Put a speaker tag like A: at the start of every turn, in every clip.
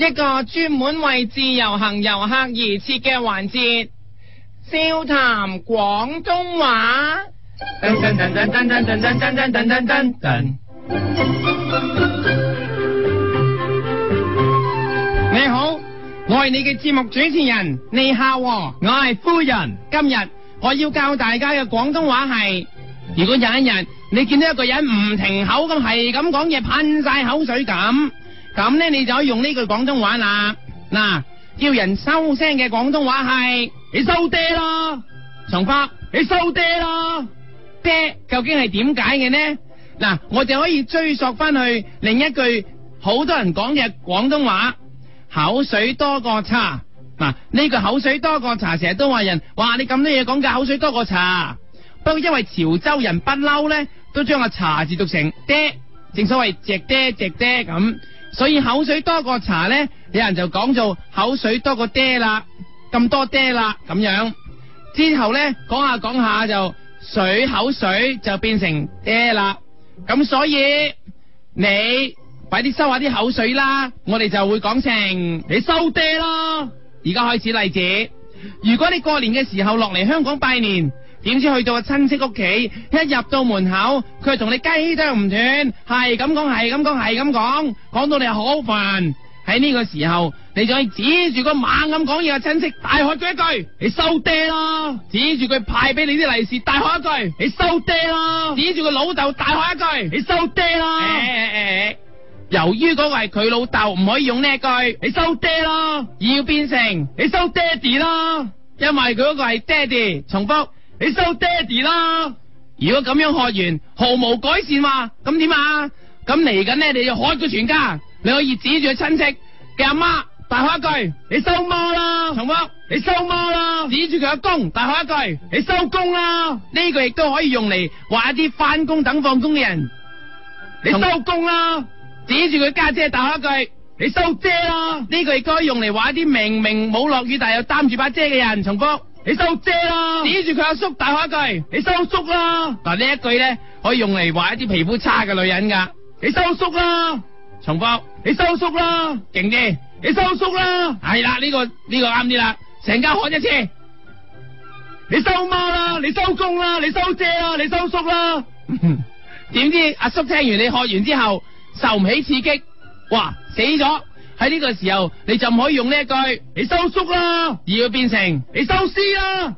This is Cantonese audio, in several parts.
A: 一個專門為自由行遊客而設嘅環節，笑談廣東話。噔噔噔噔噔噔噔噔噔噔噔噔。你好，我係你嘅節目主持人你孝、哦，我係夫人。今日我要教大家嘅廣東話係：如果有一日你見到一個人唔停口咁係咁講嘢，噴晒口水咁。咁咧，你就可以用呢句廣東話啦。嗱，叫人收聲嘅廣東話係你收爹咯，重發你收爹咯。爹究竟係點解嘅呢？嗱，我哋可以追溯翻去另一句好多人講嘅廣東話：口水多過茶。嗱，呢句口水多過茶，成日都話人哇你咁多嘢講噶，口水多過茶。不過因為潮州人不嬲咧，都將個茶字讀成爹，正所謂直爹直爹咁。所以口水多過茶咧，有人就講做口水多過嗲啦，咁多嗲啦咁樣。之後咧講下講下就水口水就變成嗲啦。咁所以你快啲收下啲口水啦，我哋就會講成你收嗲咯。而家開始例子，如果你過年嘅時候落嚟香港拜年。點知去到個親戚屋企，一入到門口，佢就同你雞啄唔斷，係咁講，係咁講，係咁講，講到你好煩。喺呢個時候，你就可以指住個猛咁講嘢嘅親戚，大喝咗一句：你收嗲咯！指住佢派俾你啲利是，大喝一句：你收嗲咯！指住個老豆，大喝一句：你收嗲咯！誒誒誒，由於嗰個係佢老豆，唔可以用呢一句，你收嗲咯，要變成你收爹哋咯，因為佢嗰個係爹哋。重複。你收嗲啦！如果咁樣學完毫無改善話，咁點啊？咁嚟緊咧，你要害佢全家。你可以指住佢親戚嘅阿媽，大喊一句：你收媽啦！重複，你收媽啦！指住佢阿公，大喊一句：你收公啦！呢句亦都可以用嚟話一啲返工等放工嘅人，重複，你收工啦！指住佢家姐，大喊一句：你收姐啦！呢句亦該用嚟話一啲明明冇落雨但又擔住把遮嘅人。重複。你收嗲啦，指住佢阿叔大我一句，你收叔啦。嗱，呢一句咧可以用嚟話一啲皮膚差嘅女人㗎，你收叔啦。重複，你收叔啦，勁啲，你收叔啦。係啦，呢個呢個啱啲啦，成家喊一次。你收媽啦，你收公啦，你收姐啦，你收叔啦。點知阿叔聽完你學完之後，受唔起刺激，哇，死咗。喺呢個時候，你就唔可以用呢一句，你收嗲啦，而要變成你收屍啦，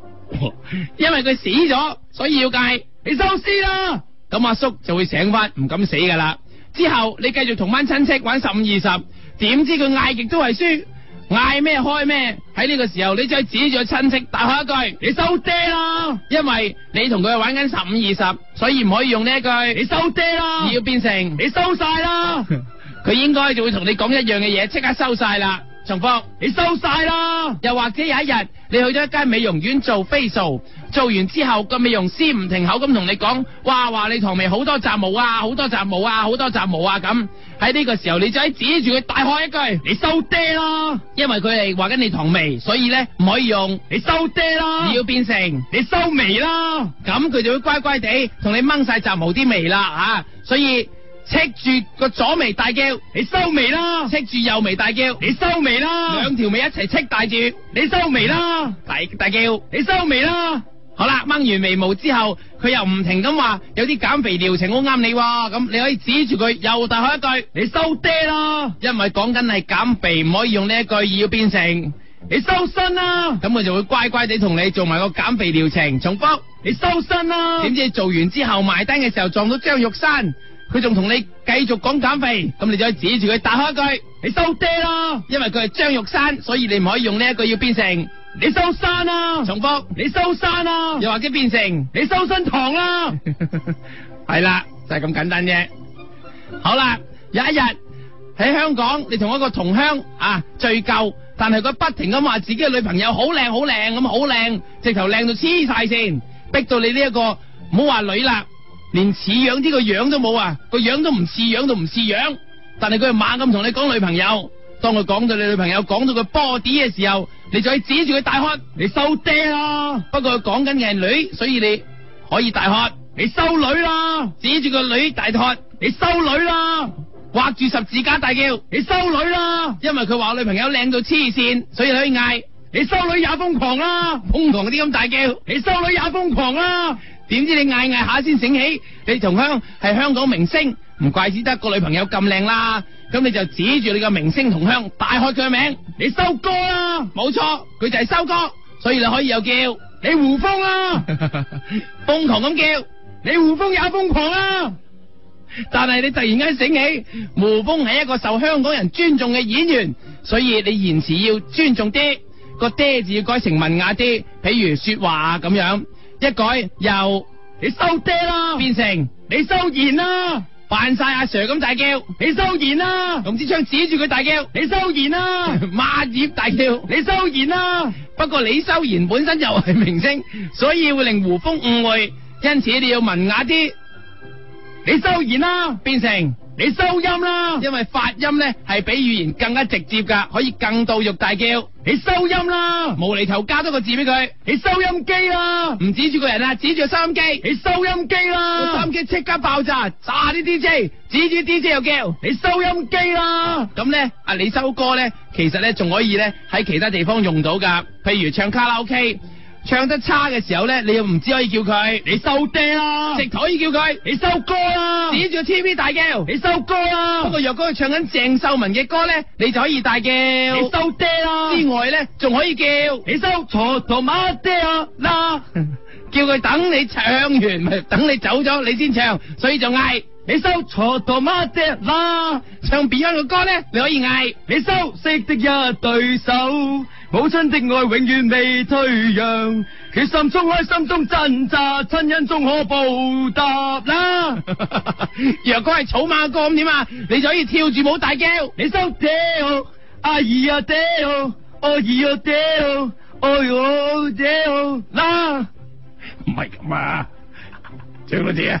A: 因為佢死咗，所以要嗌你收屍啦。咁阿叔，叔就會醒翻，唔敢死噶啦。之後你繼續同班親戚玩十五二十，點知佢嗌極都係輸，嗌咩開咩。喺呢個時候，你再指住親戚答下一句，你收嗲啦，因為你同佢玩緊十五二十，所以唔可以用呢一句，你收嗲啦，而要變成你收晒啦。 佢應該就會同你講一樣嘅嘢，即刻收晒啦！重複，你收晒啦！又或者有一日你去咗一間美容院做 facial，做完之後個美容師唔停口咁同你講，哇哇，你唐眉好多雜毛啊，好多雜毛啊，好多雜毛啊咁。喺呢個時候，你就喺指住佢大喊一句：你收爹啦！因為佢係話緊你唐眉，所以咧唔可以用，你收爹啦！你要變成你收眉啦，咁佢就會乖乖地同你掹晒雜毛啲眉啦啊！所以。戚住個左眉大叫，你收眉啦！戚住右眉大叫，你收眉啦！兩條眉一齊戚大叫，你收眉啦！大大叫，你收眉啦！好啦，掹完眉毛之後，佢又唔停咁話，有啲減肥療程好啱你，咁你可以指住佢又大開一句，你收嗲啦！因為講緊係減肥，唔可以用呢一句，要變成你收身啦。咁佢就會乖乖地同你做埋個減肥療程。重複，你收身啦！點知做完之後埋單嘅時候撞到張玉山。佢仲同你繼續講減肥，咁你就可以指住佢大喊一句：你收嗲咯！因為佢係張玉山，所以你唔可以用呢一句，要變成你收山啊！重複，你收山啊！又或者變成你收身堂啦，啊。係啦， 就係、是、咁簡單啫。好啦，有一日喺香港，你同一個同鄉啊敘舊，但係佢不停咁話自己嘅女朋友好靚好靚咁好靚，直頭靚到黐晒線，逼到你呢、這、一個唔好話女啦。連似樣啲個樣都冇啊，個樣都唔似樣都唔似樣。但係佢係猛咁同你講女朋友，當佢講到你女朋友講到佢波點嘅時候，你就可以指住佢大喝：你收爹啦！不過佢講緊嘅係女，所以你可以大喝：你收女啦！指住個女大喝：你收女啦！畫住十字架大叫：你收女啦！因為佢話女朋友靚到黐線，所以你可以嗌：你收女也瘋狂啦！瘋狂嗰啲咁大叫：你收女也瘋狂啦！點知你嗌嗌下先醒起？你同鄉係香港明星，唔怪之得個女朋友咁靚啦。咁你就指住你個明星同鄉，大開佢嘅名，你收哥啦、啊。冇錯，佢就係收哥，所以你可以又叫你胡風啦、啊，瘋 狂咁叫你胡風也瘋狂啦、啊。但係你突然間醒起，胡風係一個受香港人尊重嘅演員，所以你言辭要尊重啲，個嗲字要改成文雅啲，譬如說話咁樣。一改由你收爹啦，變成你收賢啦、啊，扮晒阿 Sir 咁大叫，你收賢啦、啊，用支槍指住佢大叫，你收賢啦、啊， 馬爺大叫，你收賢啦、啊。 不過李修賢本身就係明星，所以會令胡楓誤會，因此你要文雅啲，你收賢啦、啊，變成。你收音啦，因為發音咧係比語言更加直接噶，可以更到肉大叫。你收音啦，無厘頭加多個字俾佢。你收音機啦，唔指住個人啊，指住收音機。你收音機啦，收音機即刻爆炸炸啲 DJ，指住 DJ 又叫。你收音機啦，咁咧啊，你收歌咧，其實咧仲可以咧喺其他地方用到噶，譬如唱卡拉 OK。唱得差嘅時候咧，你又唔知可以叫佢，你收爹嗲啦、啊；直可以叫佢，你收歌啦、啊；指住 TV 大叫，你收歌啦、啊。不過若果佢唱緊鄭秀文嘅歌咧，你就可以大叫，你收嗲啦、啊。之外咧，仲可以叫你收坐台媽爹啊啦， 叫佢等你唱完，等你走咗，你先唱，所以就嗌。你收坐到乜隻啦，唱 Beyond 嘅歌咧，你可以嗌你收識 的一對手，母親的愛永遠未退讓，決心衝開心中掙扎，親恩終可報答啦。若 果係草蜢歌咁點啊？你就可以跳住舞大叫，你收跳阿姨啊跳，阿姨啊跳，阿姨啊跳啦。唔係咁啊，張老師啊。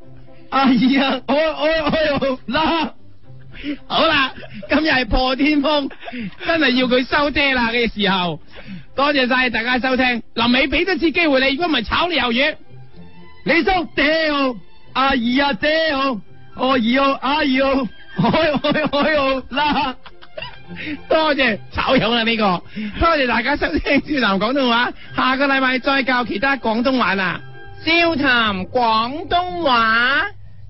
A: 阿姨啊，我我我又拉，好啦，今日係破天荒，真係要佢收嗲啦嘅時候，多謝晒大家收聽。臨尾俾多次機會你，如果唔係炒你魷魚，你收嗲號，阿姨啊嗲號，我二號，阿姨號，我我我號啦！多謝炒友啦呢個，多謝大家收聽《笑談廣東話》，下個禮拜再教其他廣東話啦，《笑談廣東話》。